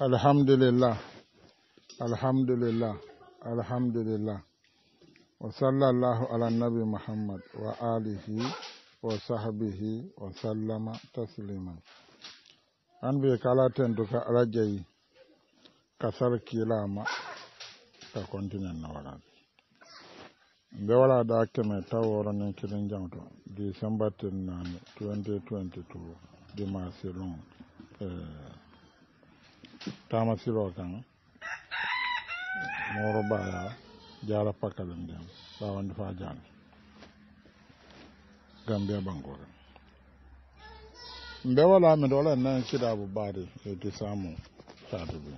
alhamdulillah alhamdulillah alhamdulillah wa sallallahu ala nabi muhammad wa alihi wa sahbihi wa sallama tasliman an bi kala ten duka ala jeyi ka sar kilama ka continen no warade nde wala da keme taw woro nen kiɗen jamto décembre tennane 2022 dimasi long eh, tama silo kan moro baya jara pakkalel jam ɓawande fa jaala gambia bankore mbe wala mide dole nan kidabu baade e gisamu sadibe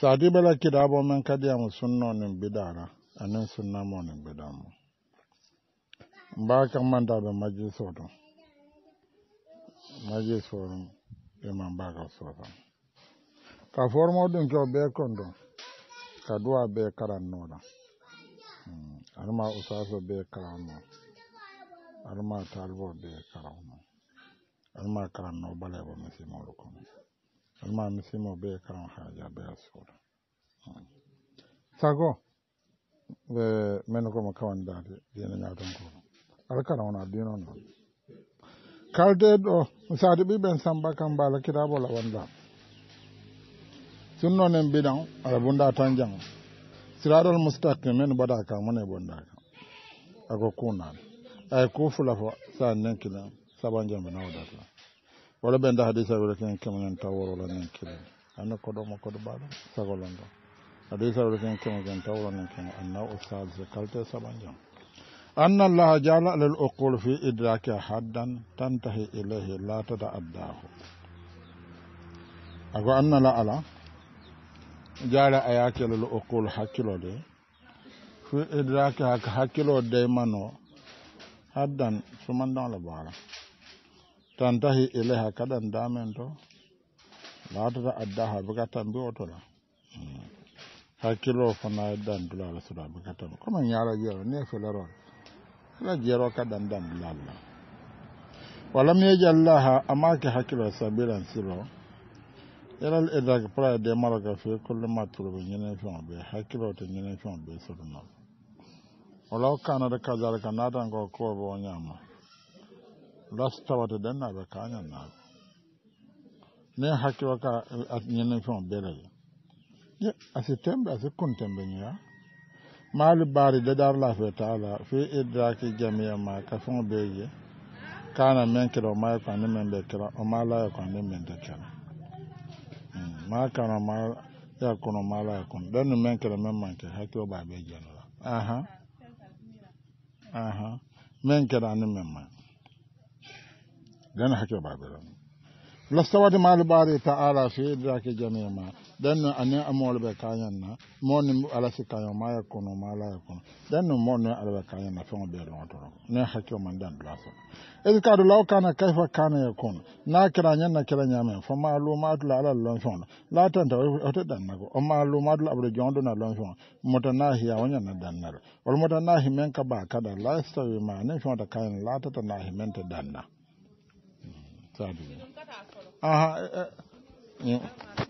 sadibe la kiɗabo men bidara sunnonin biɗara anin sunnamonin biɗamo mba kam mandaɓe majlis o ɗum majlis o ɗum iman mbaka sotan ka formo ɗum ke ɓe kon ɗon ka duwa ɓe karannoɗa hmm, alma usaso ɓe karanno alma talbo ɓe karanno alma karanno balebo misimolu kon alma misimo ɓe karan haaja ɓe suuda sago ɓe men komo kawandade dina ñawton kono alkara wona dino noon kalde do ɗo misadi ɓiɓen samba kam mbala kitabola wandama sunno nen bidan aɗa bunda tan jang siraɗol mustaqim men bada ka bunda ka ago kuna ay ku fula fo sa nen kilen saban jam na wada ta wala ben da hadisa wala ken kam kemanen taworola nen kilen anne koɗomo koɗo baɗo sagolon ɗon hadisa wala ken kam kemanen an na ustad usadse kalte saban jam أن الله جعل للعقول في إدراك حدا تنتهي إليه لا تتعداه أقول أن لا ألا jara a yakelol okkol hakkilode fi idraki hak hakkilo deymano haddan sumandan la baara tantahi ilayha kaɗan damen to laatata addaha bika tambi otola hmm. hakkilo fana dandulala suɗa bika tambi comme ñaala jeero ni felerol ala jeero kaɗan dandulalla walam yejallaha amake hakkilo sabilan siro yalal iraki pura de maraka fe kulle mattuɗo ɓe ñinen feŋo ɓe hakkilote ñinen feŋo ɓe sotunol walaw kanade kajalika natango kowoɓe o ñama lastawate ɗen naɓe kañan naɓe ni hakkilo ka ñinen feŋo ɓelele ye asi temɓe asi kuntemɓe ñoya maali baari dedar lafe taala fe iraki jamiya ma ka feŋo ɓe je kana men kira o maye ko men ɓe kira o ma laye ko ne men te kira ma kana ma ya kono ma la kono don men kala men manke hakko ba be jenola aha aha men kala ni men ma dan hakko ba be la sawadi mal bari ta'ala fi idraki jami'a danno anen amole ɓe kañanna moni alasi kaño ma ya kono ma ala ya kono danno moni ala ɓe kañanna feŋo ɓe ɗoŋotoro ne o man dan dulaso edi kadu law kana kayfa kana ya kono na kira ñanna kira ñamen fo ma lu ma lumatula ala lon na la o tanta na dannago o ma lu ma jonɗona lon feŋo mota na hiya o na dannal wala mota na hi himen ka ba ka da la yastawi ma ne feŋota kañan latata na himen te danna sadu aha eh, eh. Hmm.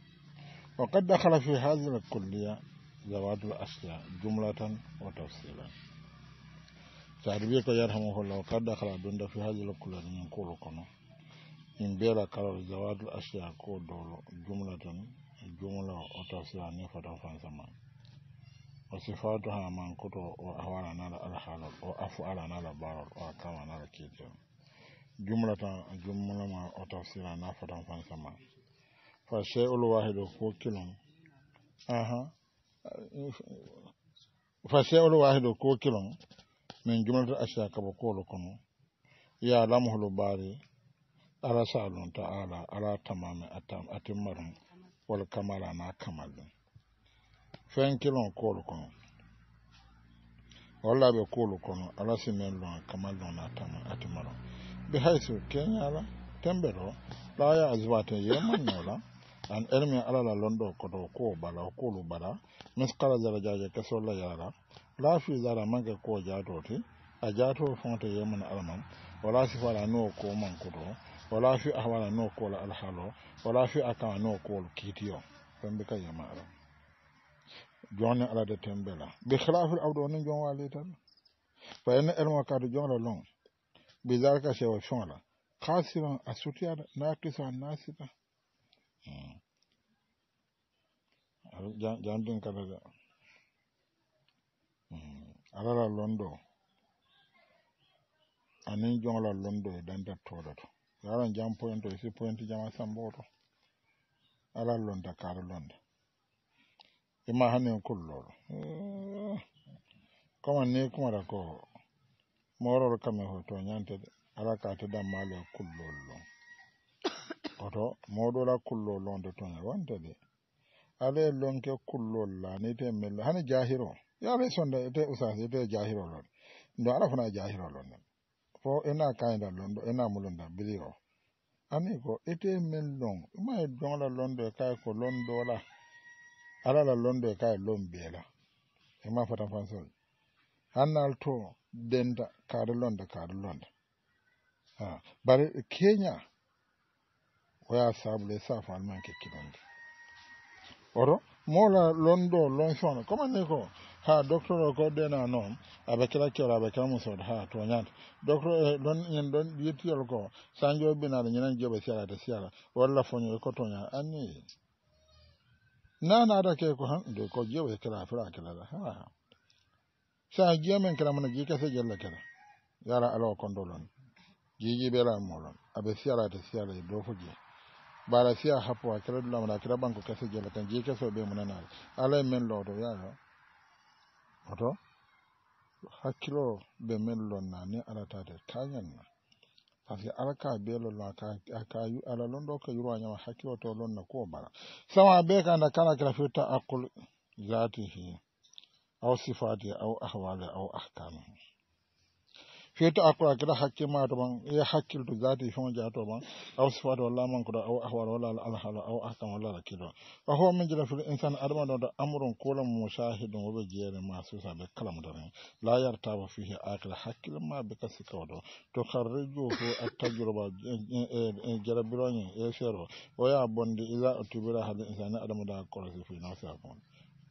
وقد دخل في هذه الكلية زواد الأشياء جملة وتفصيلا تعربيك يرحمه الله وقد دخل بند في هذه الكلية من كل قنو إن بيرا كرر زواد الأشياء كود جملة جملة وتفصيلا نفتا فانسما وصفاتها من كتو وأحوال نالا الحال وأفعال نالا بارل وأكام نالا كيتو جملة جملة وتفصيلا نفتا فانسما fa shay'ul wahidu ko kilon aha fa shay'ul wahidu ko kilon min jumlatul asya kaba kolo kono ya lamuhul bari ala sa'alun ta'ala ala tamami atam atimmarum wal kamala na kamalun fen kilon kolo kono walla ɓe kuulu kono ala simen lon kamal lon an ermi alala londo koto ko bala lu bala miskala darajaje la yara laafi zara manga ko jatoti a jato fonte yemun alman wala wala no ko man koto wala fi ahwala no kola alhalo wala fi akama no lu kitiyo be ka yama ala joni ala de tembela bi khilaful awdo ni jon wali tan fa en elmo kadu la long bi zalika sewa shonla khasiran asutiya na kisan nasita jandin kalaga hmm. alala londo ani jongla londo danda todo yaran jam point si point jama samboto ala londa kar londa ima hani kullo eh. kama ne kuma da ko moro ka me hoto nyante ala ka ta dan male kullo londo oto modola kullo londo to ne wanda de ale lonke kullol la ni te mel hani jahiro ya be sonda ite usasi ite jahiro lon ndo ala fana jahiro lon ne fo ena kayda londo ena mulunda bilio ani ko ite mel lon ma e donla londo kai ko londo la ala la londo kay lombela e ma fata fansol hannal to denda kaade londa kaade londa ha bare kenya waya sabule safa alman kekkidande oto moola londo lonfon comanni ko ha docteur o ko ɗena noon aɓe kira kewra aɓe kira musoɗo ha toñade docteur e ɗon en ɗon yettiyol ko sa joɓinaɗo ñinen joɓe seeɗa te seeɗa walla foño ko toña anni nanaɗa ke ko han de ko joɓe kira fira kilaɗa ha sa jiyamen kira mona jii kase jelle kira yara alawa kondolon jiijiɓelan molon aɓe seeɗa te seeɗa e dofo jee barasia hapo akira dula mala akira banko kase jela kan je kaso be munana ala men lodo yaga oto hakilo be men lonna ni ala tade kanya na que ala ka be lollo aka yu ala londo ka yuro anya hakilo to na ko bara sama be kanda kala kala fitta aqul zatihi au sifati au ahwali au ahkamu fiyete akko a kira ma to ban e hakkilto zati fon to ban aw sifato man mankoɗo aw ahwara wala al alhaala aw ahsan walla kido fa huwa min jira fil insane adama ɗo ɗo amuron kulan musahidum woɓe jeere ma susa ɓe ne la ba fihi akira hakkille ma be kasi kawɗo to karrijo fo attajuruba jarabiroñe e seero o yaa bonde ila o tubira haade insane adama da korosi eh, eh, fi nawsa wa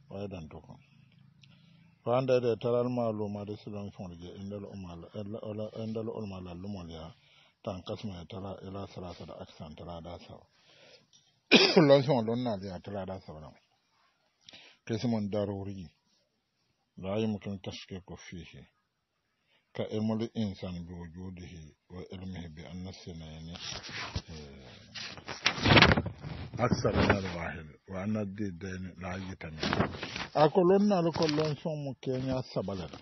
wawi ɗan to da taral malumade silan fonje endel olmala lumolya tan kasma tara ila da aksan tara da sawa lonson lonnaliya tara da sawa kesimon daruri la yumkin tashkiku shi. ka ilmul insan bi wujudihi wa ilmihi bi anna ne. aksar nar wahire wa naddi deni laayitani ako lonnal kollon sonmo kenya sabalere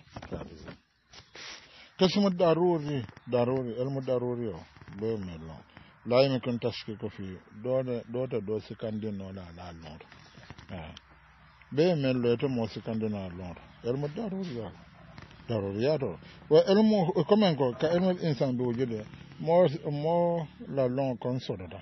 kesimo daruri daruri elmo daruri o boy mel noon laayimi kon taski ko fi doone dota do sikandinnola laal nooto ɓe men loyto mo sikandina lonto elmo daruri yaa daruri yaato wa elmo comen ko ka elmo insan ɓe wujude mo mo lallon kon sodata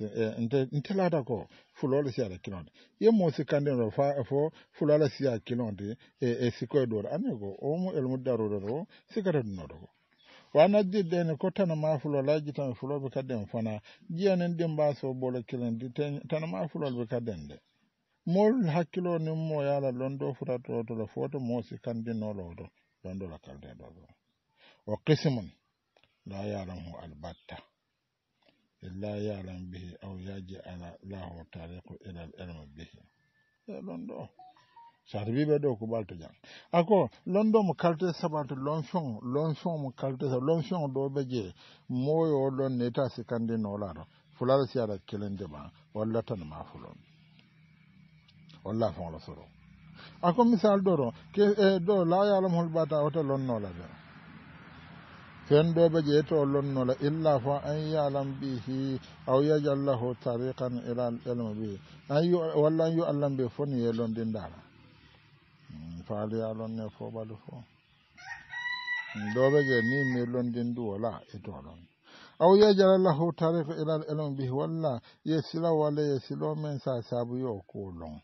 Eh, ntelada ko fulolo si ala kinonde ye mosi kande no fa fo fulala si ala kinonde e e siko e dor ane ko o mo el mudaro do sikara do no do wana jidde ne ko tan ma fulola jitan fulobe kadde mo fana jiyanen dem baso bolo kilandi tan ma fulolbe kadde nde mol hakkilo ni mo yala londo furato to la foto mosi kande no lo do londo la kalde do o qismun la yalamu albatta illa yalam bihi aw yaji ala lahu tariqu ila al ilmi bihi e eh, ɗon ɗo saata ko ɓalto jam ako londo mo kalte sabatu lonfion lonfion mo kalte sa lonfion do ɓe je moyo ɗon ne ta sikandi nolaɗo fulala si aɗa kelendema walla tanma fulon walla fonla soro ako misal ɗo ɗo ke eh, do la bata yalam hol ɓata wota lonnolaɓe fenɗoɓe ƴeeto lonnola illa fo an yalam ɓi hi aw yajallahu tariqan ilal elma ɓi anyu walla an yu allah mbi fo ni yelondi ndara hmm, faaliyalonne fo ɓalu fo hmm, ɗoɓe je ni mi londindu wala e toɗon aw yajallahu tariqa ilal elma ɓi walla ye sila walla ye silo men sa saabu yo kuulon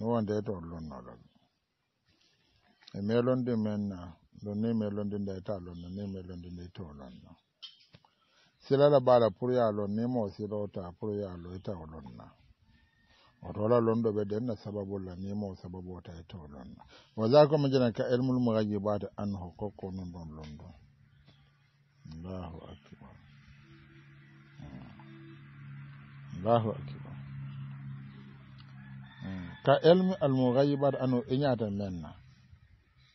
wonde e to lonnolol e melondi men lonne me londinda ita lonno ne me lo ita sila silala bala pour ya lon nemo ta pour ya lo ita na otola londo na sababu sababulla nemo sababu ta ita na wa ko mo jina ka elmul mugajibata anhu kokko min lo ndo allahu akbar hmm. allahu akbar hmm. ka elmi almugajibata anu ta menna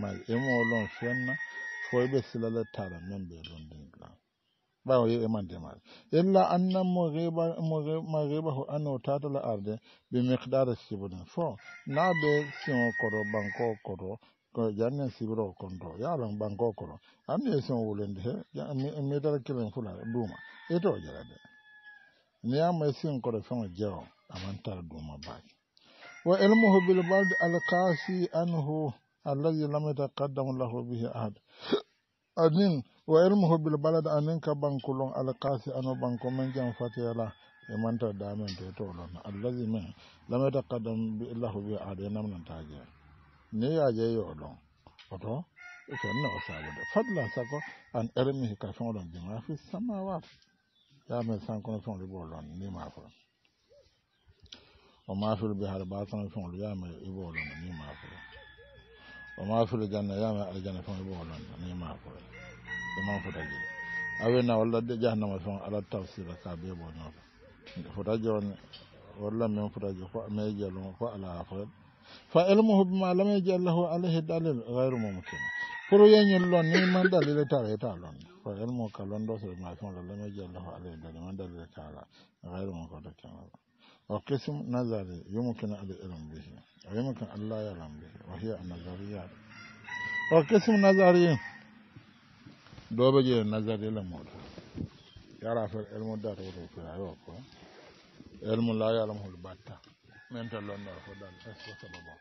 mal emolon fenna foye ɓe silala tara men ɓe londinɗa ɓawo yeɓe mande ma illa annan mo reɓahu anno tatala arde ɓe miqdara sibuɗen fo na ɓe sio koto banko koto janne sibiro konto yaron banko koto anni e sio wulende he mitara kilen fula duuma eto jarade niyama e sin koto feŋo jewo amantara duuma baake wa ilmuhu bilbalde alkasi anhu allahi lam yatakaddamu lahu bihi ahad anin wa ilmuhu bil balad anin ka bankulon alkasi ano banko men jan fatela e manta damen te to non allahi men lam yatakaddam lahu bihi ahad e namnanta je ne yaje yo don oto ken no sabo de fadla sako an ermihi ka fon don jima fi samawa ya men san kono fon de bolon ni ma fo o mafiru bi har ba san fon ya men ibolon ni ma fo وما في الجنة يا ما الجنة فما يبولون أنا ما أقول ما فتاجي أبينا ولا جهنم فما على التفسير كابي يبولون فتاجون ولا من فتاجي فما يجلون فعلى أخر فعلمه بما لم يجعل له عليه دليل غير ممكن furu yeñin lon ni man dalile tara heta lon ko elmo ka lon do sere ma fon lon lem jelle ho وقسم نظري يمكن العلم به ويمكن أن لا يعلم به وهي النظريات وقسم نظري دوبة جي نظري لمود يرى في العلم دار وروفيا يوكو علم لا يعلمه البتة من تلون يرفض الأسوة سببا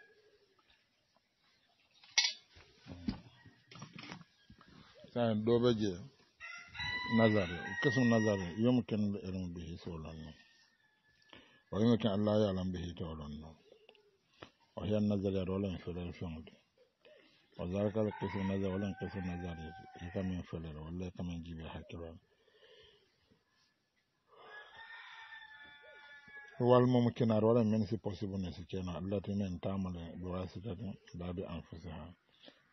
سان دوبة جي نظري قسم نظري يمكن العلم به سولا wani mutum Allah ya lambe shi ta wurin nan a hiyar nazari da wani filar fiye da wa za ka kafa nazari wani kafa nazari ya kama filar wallai kama jibin hakira wal mu muke na rawar min si possible ne su kenan Allah ta ta mala duwa su ta da bi an fusa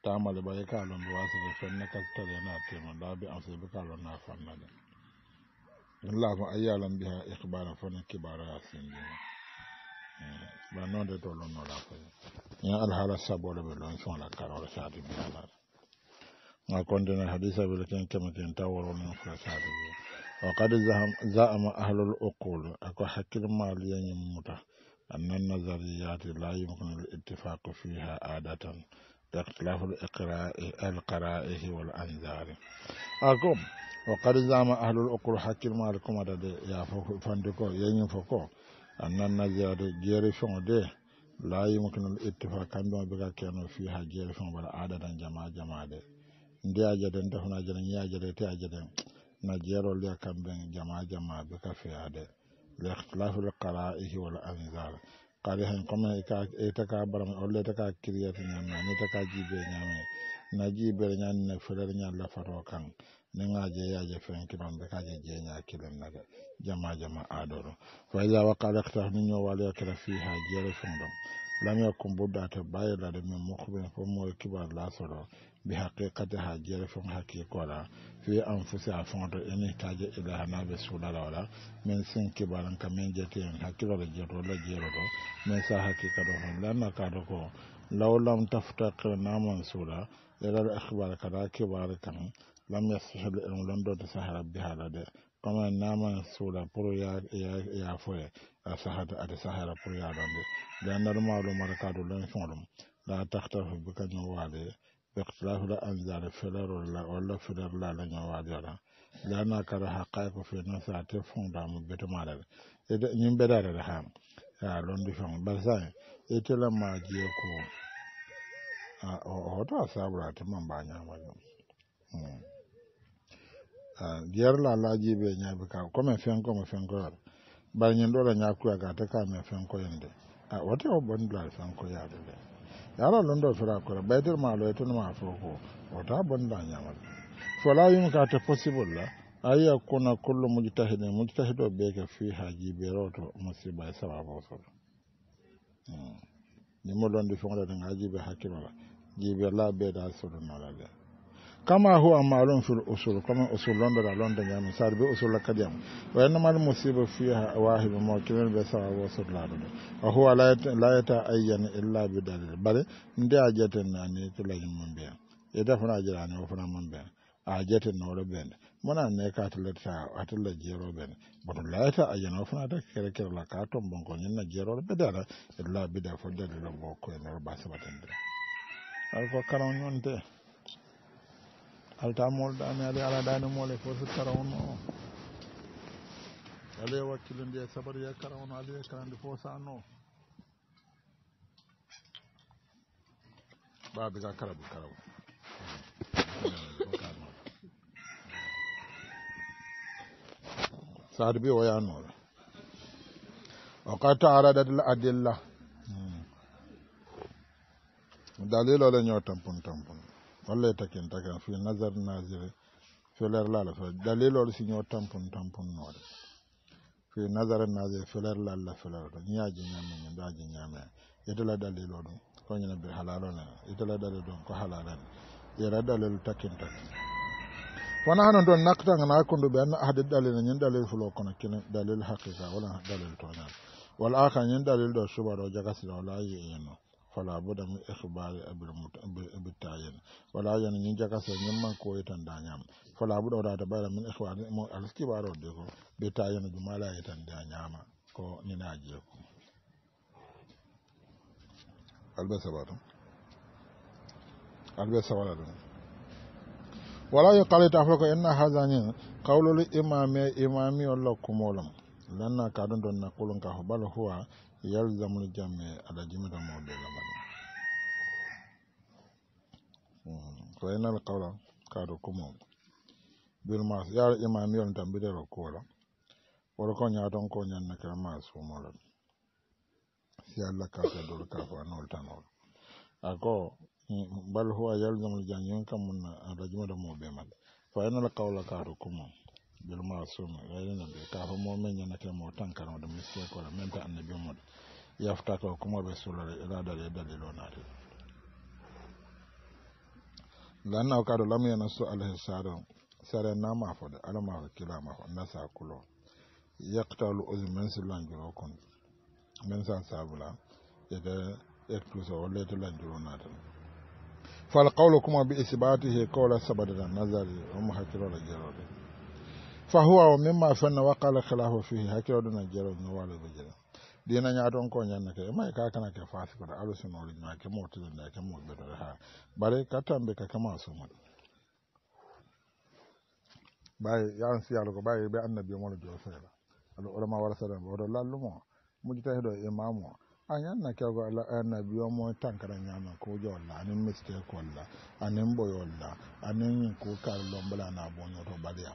ta mala ba ya ka lon duwa su ta fanna ka ta yana ta mala bi an fusa ka lon na da lafo a yalan biha ihbara fone kibara ya sindima ba node to lonnoɗa foye ña alhaala sabole ɓe lon sola karole sadi bialade ma kontene hadisa bele ken keme ken taw worwonen fula sadi bi wa kad zaama ahlul uqul ako hakkille maaliyeñin muta أن النظريات لا يمكن الاتفاق فيها عادة باختلاف القراء القرائه والأنذار أقوم o kadijama ahlul okkol hakkil maade komada de ya fofandi ko yeñin fo ko a nanna jeewde jeeri feŋo de layima kinol ittifa kamɓeo ɓe ga keno fi ha jeeri feŋo mbaɗa aɗaɗan jama jama de nde aja den defanaja den ñaja de te aja den na jeero liya kamɓen jama jama ɓe ka feya de lextilafel kara ihi walla anisar kari hen comme ita e ka barama e ollete ka kiriyete ñamme anita ka jiibe ñame na jiibere ñanine felere ñallafato kan nin aje yaje fen kilon be kaje jeña kilon naga jama jama aɗoɗo fa ida waqalakta ni fi ha fiha jeere fen ɗon lam yakkum buddata bayilade min mukɓin fo moye kibar lasoro bi haqiqati ha jeere fen hakkikola fi anfusi a fonto eni taje ilaha naɓe suulala wala min sin kibaran ka min jeti en hakkilole jeeto la jeeroto min sa haqiqa ɗo hon lanna kaɗo ko لو لم تفتقر سورة إلى الإخبار كذا كبار لم يصح العلم لم تسهر بها لدى كما نام سورة برو يا يا يا فوي أسهر سهر برو يا لدى لأن المعلوم ركادو لن يفهم لا تختلف بك نوالي باختلاف الأنزال فلر ولا ولا فلر لا لن يوالي لأن كره حقائق في نفسها تفهم دام بتمارد إذا نمبر نبدأ الحام يا لندفهم بس إتلا ما جيكو hoto a sabra hmm. te man ba ñamaɗum diyarla alaji ɓe ñaaɓi ka komin fenko mo fenkoyar ɓayñin ɗoɗa ñakkuya ga te kamin fenkoyen de a wote o bonndilal fenkoyaade de yara lon ɗo fira kora ɓayder ma loye tun ma fo ko wota bonndila ñamal fola yim ka te possible la ayi yakkuna kullu mujtahide mujtahide o ɓeeke fi haaji ɓeero to musiba sababu o hmm. ni mo londi fengɗo ten haaji ɓe hakkilo jibe la be da sulu malaga kama amma ma'lum fil usul kama usul london da london ya misal bi usul kadiyam wa yana mal musiba fi awahib mawkilin bi sawab usul la da wa huwa la yata ayyan illa bi dalil na inda ajatan ne yin mun biya idan fana jira ne fana mun biya a na noro ben muna ne ka tilata a tilla jero ben bata laita a yana fana ta kere kere la ka ton bonko na jero la illa bi da fodda da bo ko ne ba sabatan dira ala ko karaw ñonte alta mool dami ala ala dani moole fo so karawno o ala e wakkilo mbiye sabar ye karawno ala e karande fo sanno ɓaabi ga karabu karaw saadu bi woyanoɗo o ka taaradat l adilla dalilo la ñoo tampun tampun walla e takin takan fi nazar nazire la lala fe dalilol si ñoo tampun tampun noore fi nazar nazire feler lalla feler to ñaaji ñamme ñe daaji ñaame itala dalilo ko koñene bi halalo ne itala dalil do ko halalane yera dalil takin takin wona hanon toon naktagana konduɓe anna ahde dalil ñin dalil fulo kono kine dalil haqiqa wala dalil toñal wal aka ñin dalil do ɗo subaɗo jagasira wala yiyenno fala buda min ikhbari bil tayin wala yan ni jaga so man ko yitan danyam fala buda da ta min ikhbari mo alkibaro de ko be tayin jumala yitan danyama ko ni na je ko albe sabato albe sabala wala yaqali ta fa inna imami imami kumolam lana kadun ɗum ɗon naqulun ka ho bal huwa yalzamul jamme ala jimita moɓe lamani hmm, fainal qawla kumo imam yon ko ñaton ko ñanne kala ma sumolon si allah kaka ako bal huwa kam ala qawla kumo bilma soma yayina ɓe ka fo momin ñanake mo tankano ɗum miske kola même ta annabi sulare yaftaka da kumaɓe da iradare na dalil onade lannaw kaɗo lamu yana so alayhi salam sare nama fode alamako kilama na nasa kulo yaktalu usi min si lanjuro kun min sa sabula ya ete ectuse o leyte lanjuro ta fal qawlu kuma bi isbatihi qawla sabadata nazari omo hakkirole jerode fahuwa o mimma wa waqala khilafu fihi hakkilo ɗona jero ñowalo ɓe jere dina nya ñaton ko ñanna ke ema ka kana ke fasikoto alusinori ña kemo tilende kemo ɓetore ha bare kattanɓe ka kema sumon ɓaye yan siyalo ko ɓaye ɓe annabi mono jo feela aɗo olama wara saɗan oto mu mujita heɗo imamu o a ñanna kewgo annabi o mo tankara ñamen kujo olla anin mistake olla anin ɓoy olla anin ku kar lombalana boñoto ɓaliyam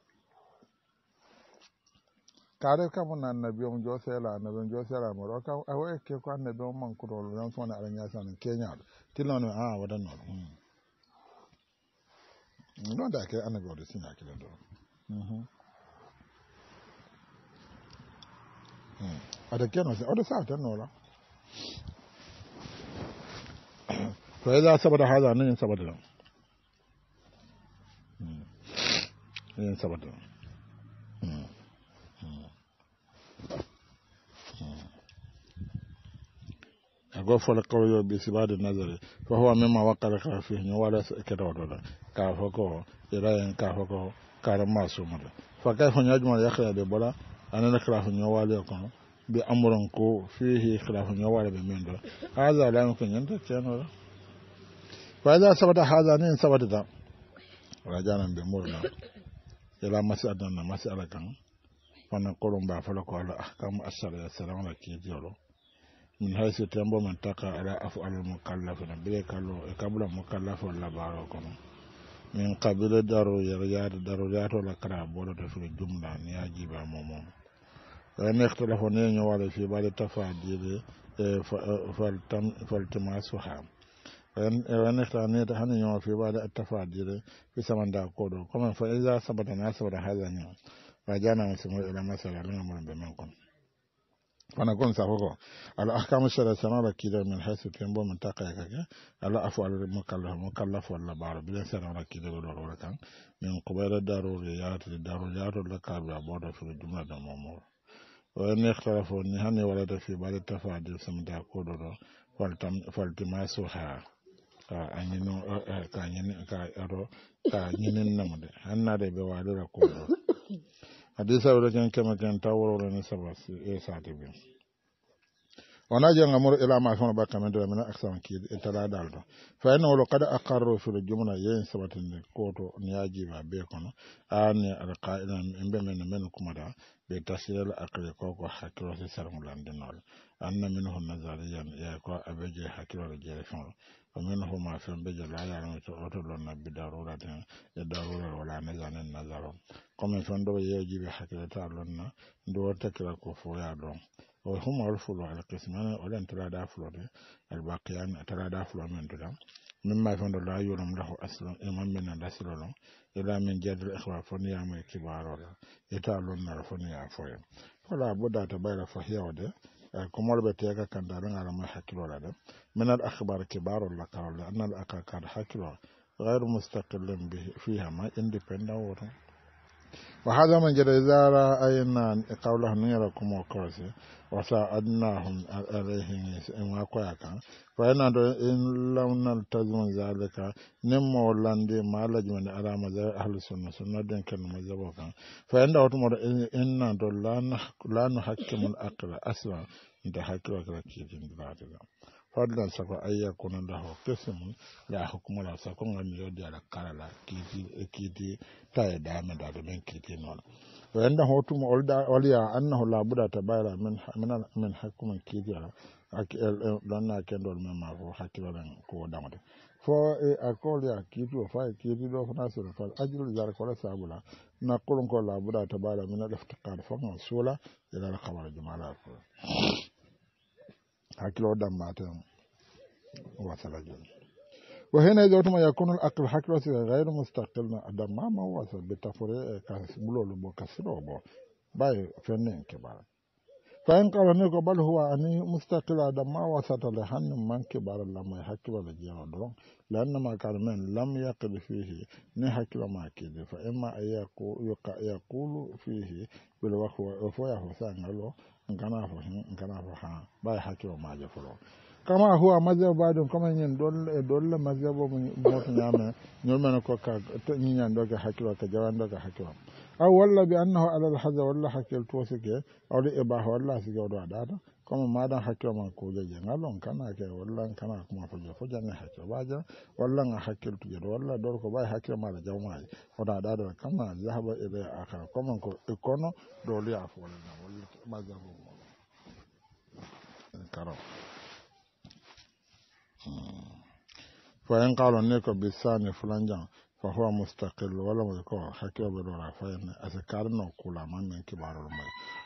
kare kamo na annabi on josela annabi on josela mo ro ka awo e ke ko annabi on man kuro ro ran fona aran ya san kenya tilo tilano ah, mm. mm, mm-hmm. mm. a wada no no da ke annabi o de sinya kile do mhm ada ke no se o sa ta no la ko ya saboda haza nan saboda nan yin saboda nan ko fola kawyo bi sibade nazari fa huwa mimma waqara ka fi ni wala keda wadola ka fa ko irayen ka fa ko kare masu mala fa kai fa nyajma ya khira be bola anana khira fa nyawale ko bi amran ko fihi khira fa nyawale be mendo hadha la yumkin yanta tiano fa hadha sabata haza ne sabata ta da rajanan be murna ila mas'alan mas'alakan wannan kolon ba fa ko al ahkam as-salam assalamu alaikum من هاي تنبو من تقع على أفعال المكلفين بلي كالو يكبر المكلف ولا باروكم من قبل ضروريات ضروريات ولا كراب ولا تفل جملة نياجيبا مومو وإن اختلفوا نيني والي في بعض إيه، إيه، التفاجير فالتماس وحام وإن وإن اختلفوا نيني تحني في بعض التفاجير في سمن دا كودو كما فإذا سبت ناسبت هذا نيو وجانا مسلمو إلى مسألة لنا مرمبي منكم fana kon safoko ala ahkamu shara sanara kida min fiyan pembo min taqa kake ala afu al mukallaf mukallaf wala bar bilen sanara kida wala wala kan min qabala daruriyat daruriyat la kabra bodo fi jumla da momo wa ne ikhtalafu ni hanni wala da fi bal tafadil da ko do do faltam faltimasu ha ka anyino ka anyino ka aro ka nyinin namude hanna da be wala ko do hadisa ɓe ɗoken keme ken taw wolowolani sabas e sati bin wona jenga moro ilama fono bakka men dowa mina aksama kiide e tala dal to fayino wolo kada akarro fil jumla yeyin sabatinde koto niyajiba be kono aani ala qaila embe men men kumada ɓe tasiral akle koko hakkilose sarngulandinole anna min ho nasariyan yeey ko aɓe je hakkilole jeere fono ومنهم عفن بجل لا يعلم سؤال بضرورة الضرورة ولا ميزان النظر كما فندو يجب حكرة لنا دور تكرا كفو يادون وهم الفلو القسمان ولن ترى دافلو الباقيان ترى دافلو من تلام مما يفند لا يلوم له أصلا إمام من الأصل لهم إلا من جد الإخوة فنيا من كبار ولا يتعلون فنيا فويا فلا بد تبايل فهي وده كمال بتيجا كان دارن على ما حكيلو له من الأخبار كبار ولا كارو لأن الأكاكار حكيلو غير مستقل به فيها ما independent Wa haza manje da yai, za a yi na kawul a ka nangin da ka kuma kawase. Wa ta a dina Wa ina da tasa na zale kan. Ni ma o ala zan yi ma alama, zan yi hali suna, suna dake na ma za bawa kan. Fa ina da wata mata ina da la nu haki mun akele asima, ina da fadlan saka ayya kono da ho mun ya hukuma la sako ngam yo dia la kiti da me da men kiti non hotu mo olda waliya annahu la buda tabayra min min min hukumu kiti ala akil donna kendol men ma ko ko fo e akol ya kiti o kiti do ko la sabula na kolon ko la buda tabayra min iftiqar sula ila e al khabar jumala hakkilo dammaten wasalajum wa hena jawtuma yakunu al-aql hakkilo si gayru mustaqilna adammama wasa bitafore e eh, kan bulolu bo kasiro bo bay fenne kebara fayin karani ko bal huwa ani da ma wasata le hannun man kibar lamma ya hakkila da jiyawa don lanna ma karmen lam ya fihi ma kiri fa in ma a ya fihi bil ya gana fo gana fo ha ɓay hakkilo maje folo kama huwa mazhab baɗum comme ka ɗolle ɗolle mazhabo moto ñame ñolmene kokka ñiñanɗoke hakkilo ke jawanɗoke hakkilo aw walla bi annahu alal hasa walla hakkil to sike awde ibaha walla sike oɗo aɗata comme maɗan hakkilo ma kuje jengal on kanake walla kana kuma foje fo jange hakkilo ɓaja walla ga hakkil tujeɗo walla ɗor ko ɓawi hakkilo maɗa jawmaji da aɗata kama zahaba ile e akara kama ko ikkono e dowluya fo walla mazhabo karo hmm. fo en kalon ne ko bisani fulanjan فهو مستقل ولا مذكور حكي بالورع فإن أذكارنا قولا ما من كبار المي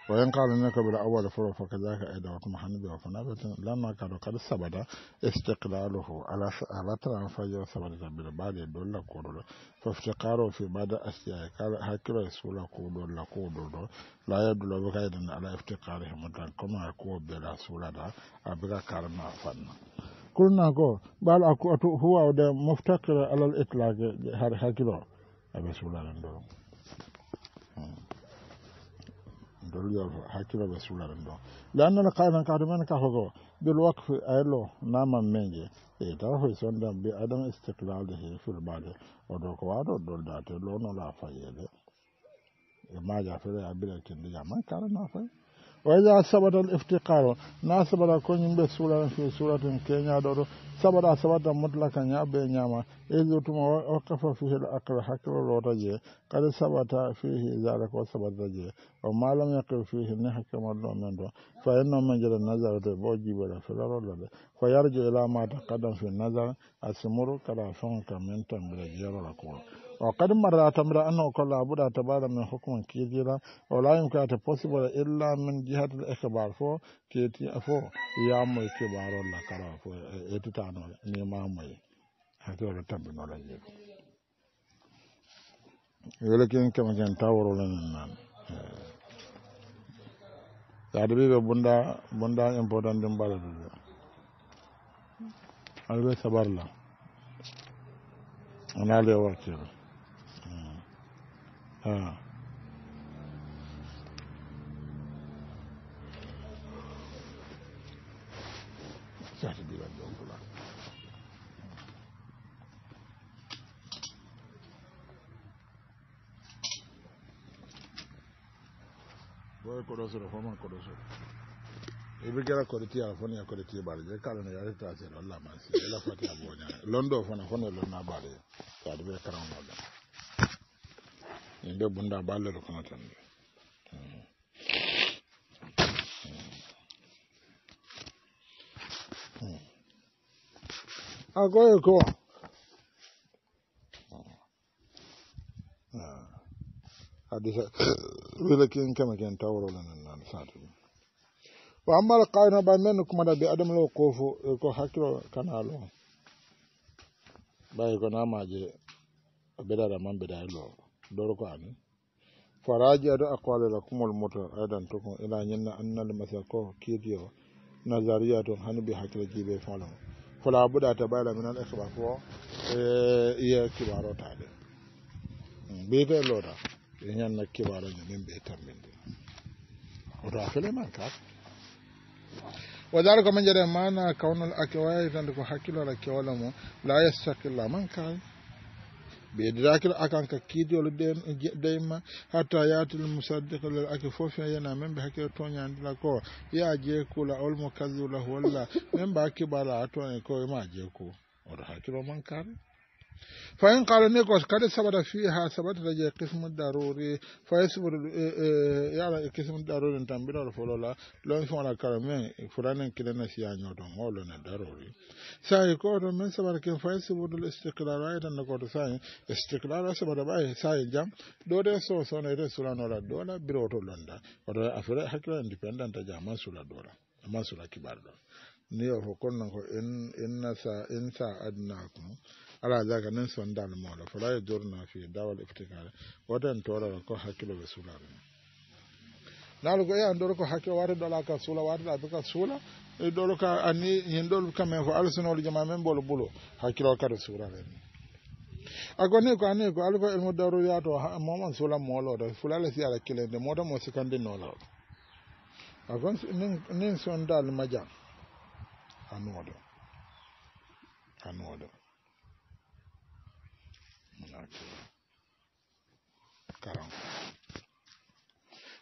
وإن قال إنك بالأول فرو فكذاك إذا وكما حنبي وفنابة لما كان قد سبدا استقلاله على على ترانفاج سبدا بالبالي دول كورو فافتقاره في بعد أشياء قال هكذا يسول كودو لا كودو لا يدل بغير على افتقاره افتقارهم كما يقول بلا سولا أبغى كارما فن kurna ko ɓaalo akku atu da moftakira alal itlaqe har hakkilo aɓe suularen ɗo hmm. dolyol hakkilo ɓe suularen ɗo kanan kaade men ka hogo bil naman menje e bi adam de ko waɗo doldate lonola e maja fere a bira kindi jaman kala na fayi وإذا ثبت الافتقار نا ثبت كون بسورة في سورة كينيا دورو ثبت ثبت مطلقا يا بينياما إذ يتم وقف فيه الأقل حكر الرجي قد ثبت فيه ذلك وثبت رجي وما لم يقف فيه نحك نحكم الدومين فإنه من جل النظر تبوجي بلا في الأرض فيرجع إلى ما تقدم في النظر أسمرو كلا فنك من جيرو لكوه وقد مرات امرأ أنه كل عبودة أن تبادل من حكم كثيرا ولا يمكن أن تبصبل إلا من جهة الإخبار فو كيتي أفو يامو كبار الله كرا فو إتتانو نيمامي هذا هو تبين ولا يجب ولكن كما كان تاور ولا ننام yaade ɓiɓe بندا bunda important ɗum mbaɗa ɗum ɗo aɗa أنا لي on うん。久しぶりだよ、ほら。Voy a conocer, vamos a conocer. i bɛ kɛra kɔrɔti yan fo ne ye kɔrɔti baari je kala ne yɛrɛ t'a sɛnɛ o la ma se ne la fɔ k'a bɔ ɲɛ lɔn dɔw fana fɔ ne lɔn n'a baari ye a de bɛ kalan o la ɗe bunda ballere kono tan hmm. hmm. hmm. a ah, goye ko ah. hadisa wila ken kema ken tawrolenennan sati wa ammal kayno ɓa men kumaɗa bi adama lo kofo e ko hakkilo kanalo ɓaye ko namaje beɗaɗa man beɗa e lowo dorko ani faraji ado aqwale lakum al muta aidan toko ila nyanna annal masako kidiyo nazariyatun hanbi hakila jibe falo fala buda ta bala min al ikhbar fo e iya kibaro tade hmm, be be loda e nyanna kibaro nyen be tambinde oto akele man ka wa dhalika man jada maana kaunul akwai tan ko hakilo la kewala la yasakilla man kai ɓeydirakil akan ka kiidiol deyma hatta yatil musaddiqa lel aki fof yana men ɓe hakkilo toñandila ko ya jeekula olmo kadula holla men mba kibala a ko ma jeeku oto hakkilo man kaari fa in qala nikos kada sabata fiha sabata daje qismu daruri fa yasbur e, e, yala e qismu daruri tan bino ro folola lo fi wala kala men furanen kida na siya nyodo ngolo na daruri sa yi ko do men sabata ke fa yasbur al istiqlal ay tan ko do sa yi istiqlal sabata ba sa yi jam do de so so na re sulan ola do na biro to londa o do afira hakira independent ja ma sulan do la ma sulan kibar do ni o ko non ko in in sa in sa adnakum ala zaka nin sondal mola fala yajurna fi dawal iftikar watan torara ko hakkilo be sulare naalu ko yahan ɗoɗo ko hakke wata ɗola ka suula wataɗa be ka suula e ɗoɗo ka ani hin ka kamen fo alsinol jama men ɓolo ɓulo hakkilo kada suuraren agoni ko ani ko alko elmu daruriyato moman suula moloɗo fulala si ala kilende mota mo sikandi nolaɗo agon nin sondal maja anoɗo anoɗo karam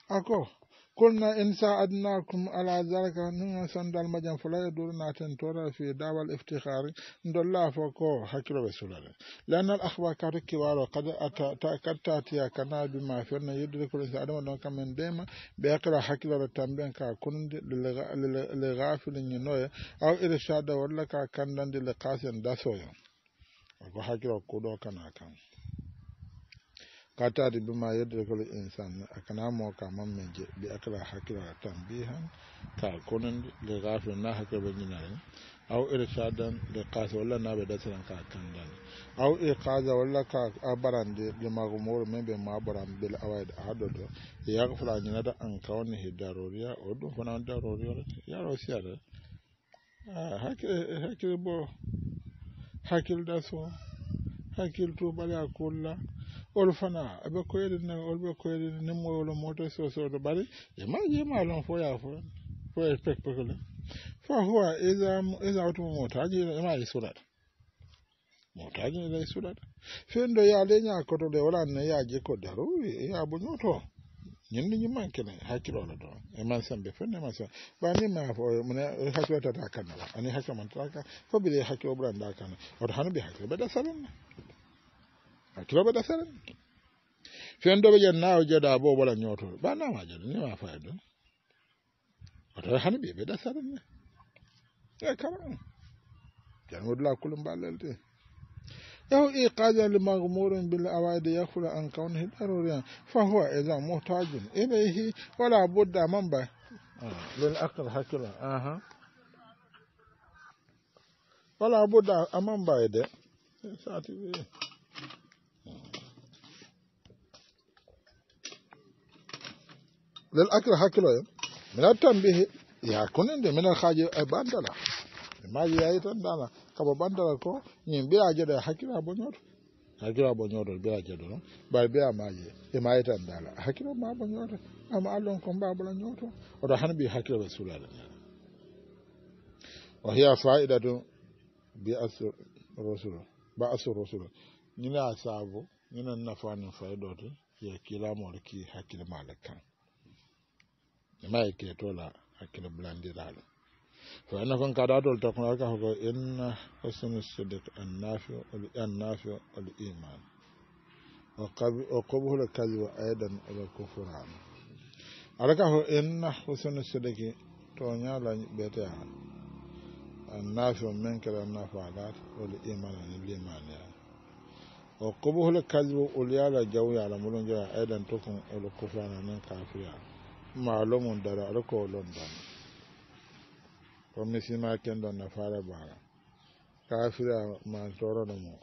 ako kulna in sa'adnakum ala zalika ninga sandal majan fula e na naten tora fi dawal iftihari ndolla fo ko hakkiloɓe sulare lannal a kato kiwaro kada tiya kana ma ferna yeddude kul sa adama ɗon kammen ndema ɓe hakkila hakkilore tamben ka kunnde le gafili ñinoye aw irshada wala ka kandande le kasen dasoyo ko hakkilo kuɗo kana kan katadi bima yeddekol insan akana mo ka mammen je ɓe akala hakkilala tan bi han ka kononde nde gafe na hakkeɓe ñinaren aw irsadan nde kasa walla naɓe dasiran ka kandani aw ikasa walla ka abarande ɓe magumoro men ɓe maɓoran bel awayde haɗo ɗo yakfula da an kawne he daroriya o ɗum fana daroriore yaro siyata ah, hakkille bo hakkilɗa so hakkil to ɓaɗa kulla ol fana e ɓe koyɗen na ol ɓe koyɗen nimmoyolo moto so soɗo ɓaɗe e maji malon fo ya fo fo e pek pekle fo howa esa e otomo motaji ema e, e suɗat motaji ena e suɗat fen do ya leña kotoɗe wolanne yaje kodde aro ya boñoto ñin ni ñimman kene hakkilole ɗon eman sembe fenne eman sembe ɓa ni ma fo mine hakkilo tata kannala ani hakkilo man tata kan fo ɓiɗe hakkilo ɓuranda kana oto hano ɓe hakkilo ɓe ɗasarenna hakkilo ɓe ɗasaren fen ɗo ɓe ƴen nawo jeeɗa bo wala ñootoɗo ɓa nama jeeɗa ni ma faya ɗon oto hani ɓe ɓe ɗasarenna e kala jan wodu lakkulum mballel te أو إيقاد لمغمور بالأواد يخل عن كونه ضروريا فهو إذا محتاج إليه ولا بد من به آه، للأقل هكذا أها ولا بد من به للأكل هكلا من التنبيه يا كنن من الخاج أبان دلا ما جاء يتن دلا kabo bandala ko ñin birajeɗo e hakkila boñoto hakkila boñoto biraje ɗo noon ɓay biya maje e mayi tan dala hakkila ma boñoto ama allon ko mbabola ñooto oto han mbi hakkila ɓe suulade nde o hiya faida to bi asu rasul ba asu rasul na saabu ñina nafanin fayidote yo kilamol ki hakkille maɗa kan ema e keetola hakkille blandiralo fa innakon kaɗa dol ta kun aka hoko inna husnu sidik annafio annafio al iman o koɓuhol kaliwa aidan ola kufuran alaka ho inna husnu sidiki toñala ɓeete han annafio min kela annafo alat ol iman ani limani an o koɓuhol kaliwo ol yala jawyala mulon joya aidan tokon ko misima kendon na fara bara kafira man toro no mo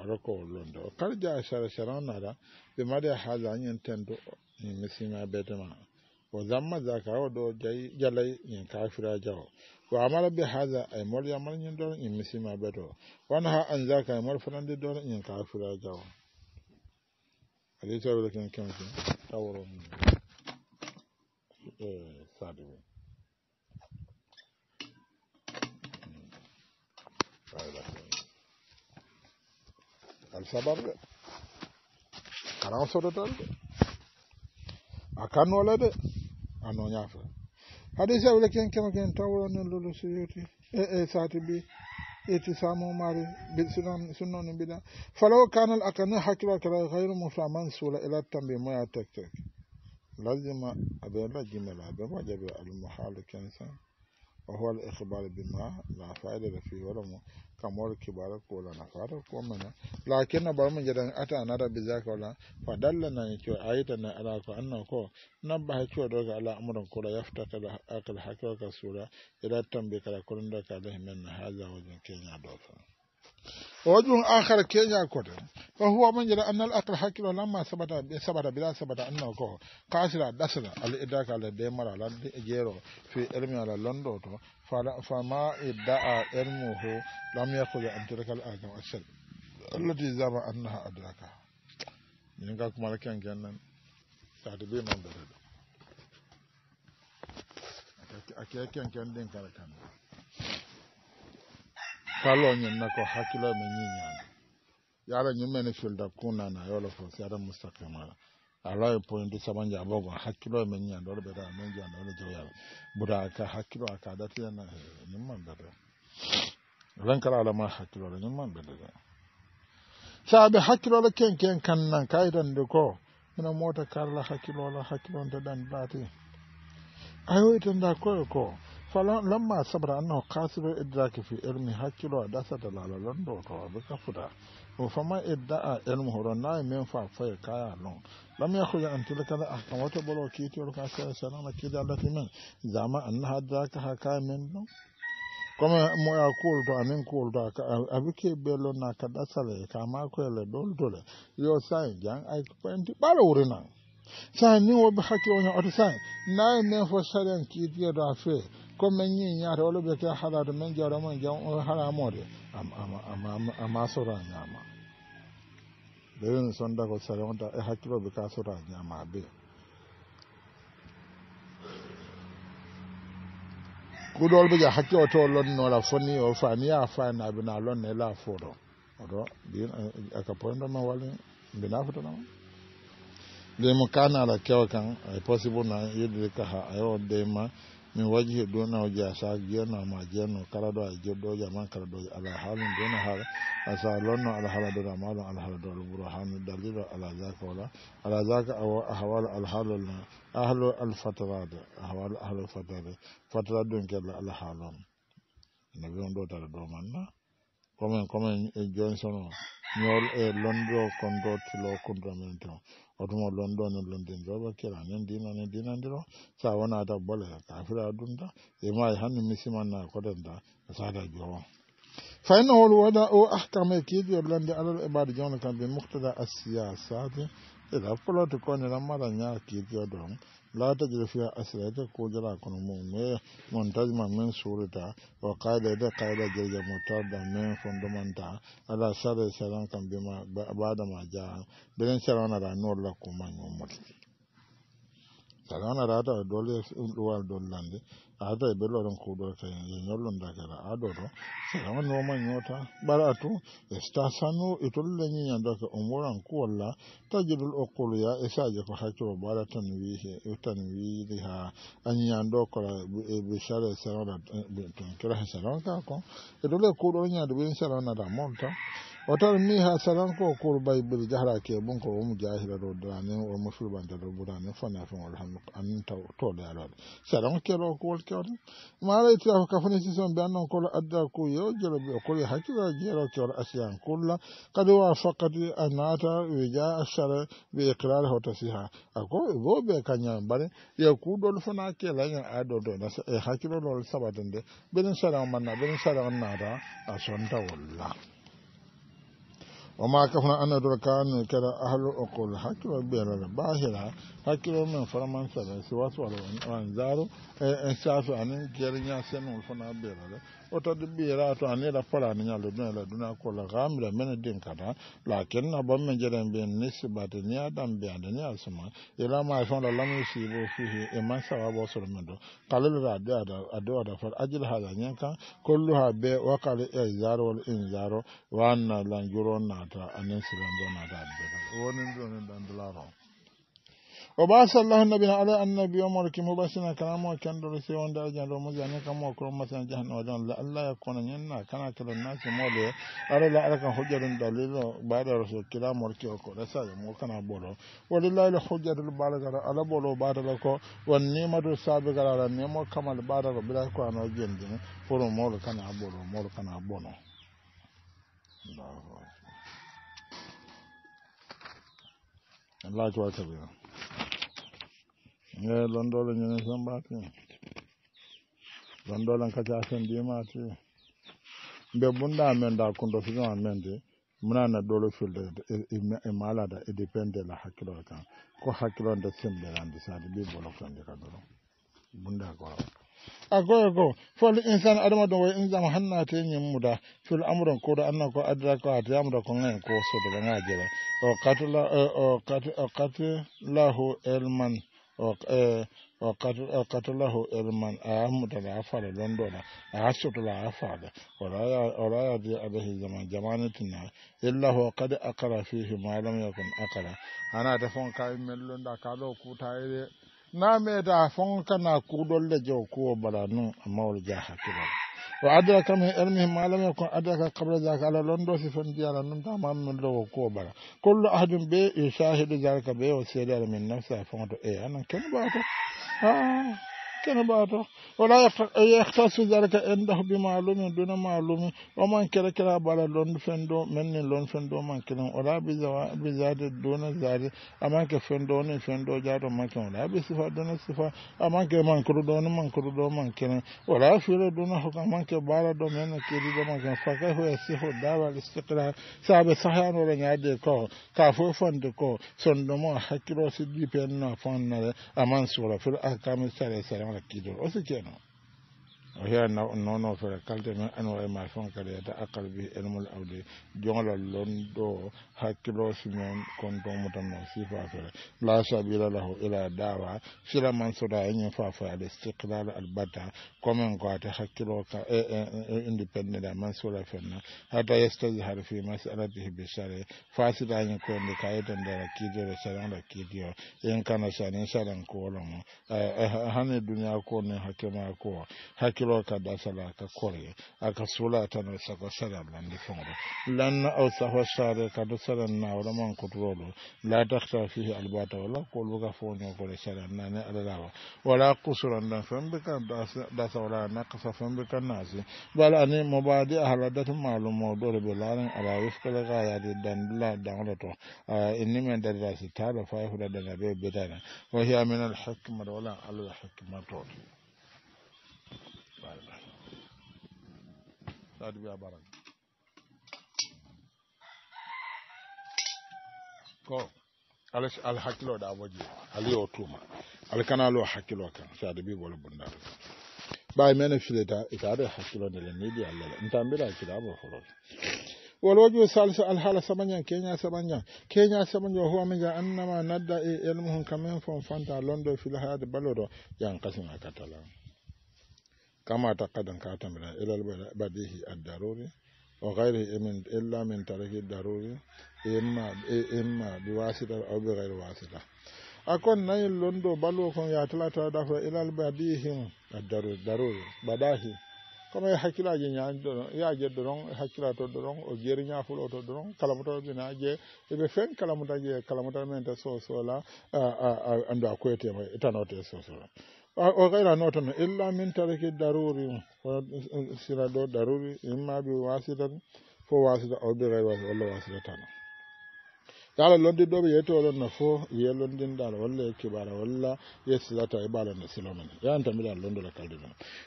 aroko londo karja shara shara na da be made hala nyen tendo ni misima betema o zamma zaka o do jay jalay nyen kafira jawo ko amara bi hada ay mol yamal nyen do nyen misima beto wana ha an zaka ay mol fanande do nyen kafira jawo ali tawo da kan kan ni eh sadu al sabar de karan sodotal de a kannola de anno ñafe hadisa wule ken kema ken tawonen lolo soyoti ee sati bi eti samo mari sunnoni mbiɗa falaw kanal akane hakkilo kala hayru mo faman suula ila tambi moya tek tek lazima aɓe lajimela aɓe moƴaɓe almo haalo ken sen ohol wani ikimara bima za a faɗi da rafiwar mu kamwar kibar ku na al'ada ko mana laakin na bar min yadda ata na rabi za ka wala faɗa ne na a yi ciwo ala ko an na nan ba a ciwa doka da al'amuran ku da yaftaka da haƙƙiwa ga sura yadda ta tambayi kada kun dauka alhamis na haza wajen kenya doka. ووجه آخر كينيا كوتر فهو من جرى أن الأقل حكي لما ثبت ثبت بلا ثبت أنه كو قاسرة دسرة الإدراك على ديمر على جيرو في علم على لندو فما ادعى علمه لم يخرج عن تلك الأحكام السلب التي زعم أنها أدركها من قال كما لك أن كان تعتبير من بلد أكيد كان كان دين كان kalo ñinna ko hakkilo e mi ñiñana yaala ñummene filda kunana yolo fo si ada mustaqimala ala e pointu sabanja abogo hakkilo e mi ñiñana oɗo ɓeɗa men jiyana oɗo jowyala buda aka hakkilo aka datiyana ñumman eh, ɓede ren kala alama hakkiloɗo ñumman ɓede de saaɓe hakkiloɗo kenken kan nan kayitande ko mino mota karla hakkilola hakkilonte ɗan baati a koye ko falamma sabra annahu kasiro eddaki fi ilmi hakkilo a ɗasata lala londo ko waɓe kafuda ɗum fama edda a ilmu hoɗo nawi min fa faye kaya loon lam yahuya antile kala ahkam wata ɓolo kiitiol ka sera sarama kiidi allati men jama annaha daka ha kaya men ɗon comme moya kuwolto amin kuwolto a wikki ɓelon na ka ɗasale ka makoyele ɗoltole yo sai jan ay pointi ɓaɗa wurinan sai ni woɓe hakki oña oto sai nawi min fo sarian kiitiyeɗo a fee comme yin ñin ñaata walla ɓe ke halade min jawɗa mon jam o haramode ama sora ñama ɓeyen sonda ko saronta e hakkiloɓe ka sora ñama be kuɗol ɓe ja hakke o to lonnola foni o fani ya fanaɓe na lonne la foto oto ɗin aka pointo ma walla mbina fotonama de mo kana ala kewa kan ay possible na yidde ka ha eh, ayo de ma min waje dona a sa geno ma geno karado a jeddo ja man karado ala halin dona hala a lonno ala hala dona ma don ala hala dona burhan dalil ala zaka wala ala zaka aw ahwal al halal ahlu al ahwal ahlu al don kala ala halon nabi on do tara do manna comme comme johnson e tilo men ọdúnmọ lọndọ ni lọndọ ni rọba kira ni ndi na ni ndi na ndi na ata bọlẹ tafura adun da emu ayi hanu mi si ma na akɔda da ɛsa da jɔ wọn. fainal wọn wọda o ah kama kii di ɔlọndi alọ ɛbá di jɔn kan bi mukutada asiya saadi. ila fulati koni la mara ña kiitiyo don la tajiri fiya asira ite kujara kono mu me montaj ma min surita wa kaida ite kaida jirja mutarda min fondomanta ala sare saran kam bima badama jaa benen saranara nor la kumañumuti sagana rata dole ɗum ɗuwal dollande aata e belloɗon kuɗorta e ñollondakela aɗo to sagama noma ñoota ɓara tu e sta sanu e tolle ñiñandake o moran kuwalla tajidol okkoluya e saje ko hakkilo ɓaɗa tan wihe tan wiili ha a ñiñando kola ɓe sare salona ton kira he salon ka kon e dole kuɗol ñaade ɓen salonata monta o tawi ni ha salan ko kurbay ɓiri jahrake ɓum e ko omo jahira ɗo dani o mofirbande ɗo ɓurani fani afingol han anin taw toɗe arade salan keɗo kowol kewte maaraytira ko kafani sison mbi annon kolo adda ko yewjere mbi o koli e hakkilla jeero kewre asiyan kulla kadi wa fakkati a naata wija asare mbi iqirare hoto siha ako e boɓe kañam mbare yo kuɗol fana kelaña aɗo donas e hakkilonol saɓata nde ɓenin salan manna ɓenin salan naata a sontawolla wama kafna anna dora kanu kada ahlu uqul hakkilo ɓeerala bahira hakkilo men faraman sara si waswala on zaru e safi anin kere fana otadbira to anela fara ni ya dun la duna ko la gamra mena din kata lakin na ban men jere ben nisbata ni adam be an ni asma ila ma shon la lamu si bo fi e man bo so men do kalal ra da da do da fal ajil hada nyanka ha be wa kal izaro wal zaro wa anna lan na ta anen silan do da be wonin do ne dan dalaro وبعث الله النبي على أن بيوم ركيم وبسنا كلامه وكان رسي واندع جان رمز يعني كم وكرم مثلا جهن وجان لألا يكون ينا كان كل الناس مولي أرى لا أرى حجر دليل بعد رسول كلام وركي وكو لسا يمو كان بولو ولله الحجر البالغ على بولو بعد لكو والنيمة السابقة على النيمة كما البالغ بلا كوانو جندي فرو مولو كان بولو مولو كان بولو الله أكبر الله أكبر e londolo ñinen sembati londolen kaca sendimati mbe bunda men e, e, e, da kundo fijoma men de munana dolo filde e malada e dépende la hakkilol kan ko hakkilol nde semberande bolo kan bolokande ka doro bunda kora a goyo go fol insan adama ɗum way ta hannate ñimmuda fil amuron koɗo anna ko adira ko hate yamuda ko gayen ko sodoga ga jela o katla o kat lahu elman o katulahu ilman da mutala a fada londola a hasutula a fada wala ya bi alaihi zaman jamani tunna illa huwa qad akara fihi ma lam yakun akara ana ta fon kai mellon da ka do ku tayre na me da fon kana ku dolle jo ku balanu amma wal jahakira وأدرك من علمهم ما لم يكن أدرك قبل ذلك على لندن في فنديانا لندن ما من لو كوبرا كل أحد بي يشاهد ذلك بي وسيري من نفسه فهمت إيه أنا كن باتا آه كنباتو ولا يختص ذلك عنده بمعلوم دون معلوم ومن كان كلا بلا لون فندو من لون فندو من كان ولا بزاد دون زاد أما كفندو ني فندو جاد ما كان ولا بصفة دون صفة أما كمان كرو دون من كرو دون من كان ولا فيل دون حكم كان بلا دون من كيري دون من كان فكه هو يسيح الدعوة الاستقرار سابع صحيح ولا نعدي كه كافو فندو كه سندمو حكرو سدي بيننا فند أمان سورة في الأحكام السلسلة hakkilol osi ceno وهي نونو في الكلت من أنواع ما فون كده يتأكل به علم الأولي جون لون دو هكلو سمين كنتو متنو سيفا فيه لا سبيل له إلى دعوة سلا من سودا إن فافا الاستقلال البتا كمن قاتل هكلو كا independent من سودا فينا حتى يستجهر في مسألته بشارة فاسد أن يكون كايتن دارا كيديو سلام كيديو إن كان سانين سلام كولم هني الدنيا كون هكما كو هكما kilota da salata kore aka sulata no sako sara blandi fongo lan aw saho sare ka do sara na wala man kutrolo la takhta fihi albata wala qulu ga fonyo kore sara na ne alalawa wala qusuran dan fambe kan da sawla na qasa fambe kan nasi bal ani mubadi ahladatu malumo do be laran ala wifkala ga ya de dan la dan wala to inni men da da sitala fa huda da be betana wa hiya min alhikma wala al hikma to saadu ya baran ko ala al hakkilo da aboji ali yo tuma al kanalo hakkilo kan saadu bi bol bunda bay mena fileta itaade hakkilo ne len nidi alla ntambira kidabo horol والوجه الثالث الحالة سبنيا كينيا سبنيا كينيا سبنيا هو من أنما كما تقدم كاتم إلى البديهي الضروري وغيره من إلا من طريق الضروري إما إما بواسطة أو بغير واسطة أكون نايل لندو بلو كون ياتلا تدافع إلى البديهي الضروري ضروري بداهي kono e hakkillaji yajeddo noon e hakkillatorɗo ɗon o jeeri ñafuloto ɗo ɗon kalamutoɓe na jee eɓe fen kalamutaji e kalamutata men la sosola andu a koyetema e tanote sosola o gaira no tono illa min taraki daruri eh, sira ɗo daruri imma bi wasitati fo wasita o bi gayr wasi walla wasita tano dobe yeto yettoɗon na fo wiye londinɗal walla e kibara walla ye silata e ɓala no silo men yani tamiɗa londola kalde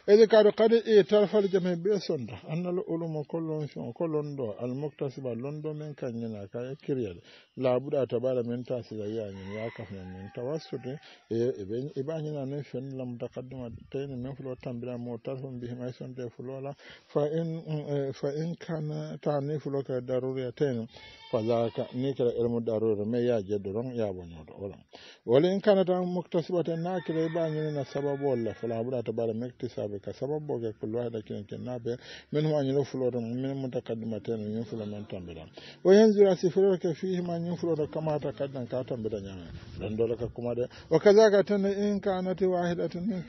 e de kado kade e tarfal jame be sonda annal ulumo kollon fion ko al muktasiba londo men kanyina ka e kiryade laabuɗa taɓala men ya ka yakafnen min tawassude e ɓañina e, e, ne fen lam takadduma tawni min fulo mo tarfum bihima sonde la fa in mm, eh, fa in kana ne fulo ka daruriya tawni fazalika ni kira ilmu darura me ya je doron ya bonyo do wala wala in kana tan muktasibatan na kira ba ni sababu wala fala bura ta bara muktasabe ka sababu ga kullu hada kin na be min ma ni fulo da min mutaqaddimatin ni fulo man tambira wa yanzu ra sifiro ka fihi ma ni kama ta kaddan ka tambira nyama dan dole ka kuma da wa kazaka tan in kana ta min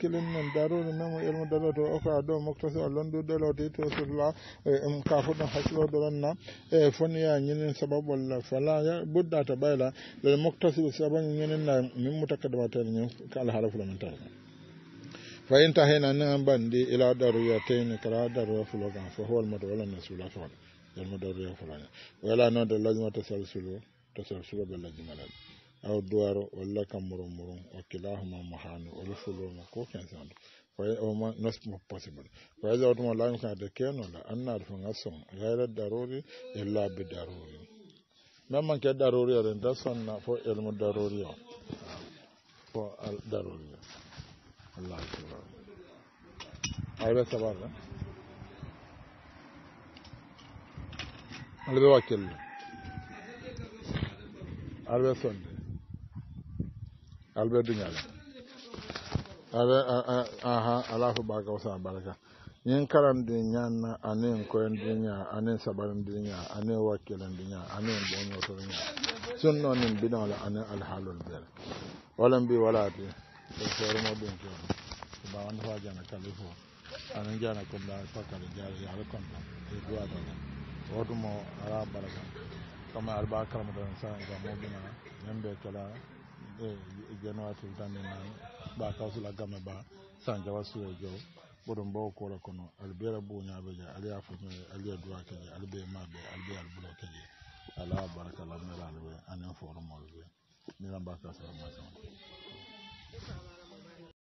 nan ilmu sababulla fala ya buddata ɓayla lel moctasiɓe sabañi ñinen na min mutakaddamaten ñin alhaala fula men tawno fa in tahina ni an bandi ila daruya teyni kala daruya fulogan fo howalmata wala nasula toon yalma daruya fulani wala noon de lajuma tasalsulo tasalsulo ɓe lajumalal aw duwaro walla kam murum wa kilahuma mahanu wala fuloma ko kensanto وما possible فإذا أتم الله يمكن أن تكون أن نعرف نفسهم غير الضروري إلا بالضروري nan manke daruriya den ta sanna fo ilmu daruriya fo daruriya allah akbar aybe sabarla albe wakkille albe sonde albe duñale albe aha ala fo ɓaka wasan baraka yin karan duniya na anin koyon duniya anin sabarin duniya anin wakilin duniya anin bonyotar duniya sun nonin bidan wala anin alhalul biyar walan bi wala bi da sauran mabin kyau ba wani fajar na kalifo anin jana kunda fakar jari yare kunda ya zuwa da kama da ga mabina kala eh, sultan ne ba kausula ba su yau ɓurum bawo kora kono albera buñaɓe je ali ya fome ali ya duwa ke je albe maɓe albe albula ke je ala baraka la mera albe anen forumol ɓe miran ba ka salamatama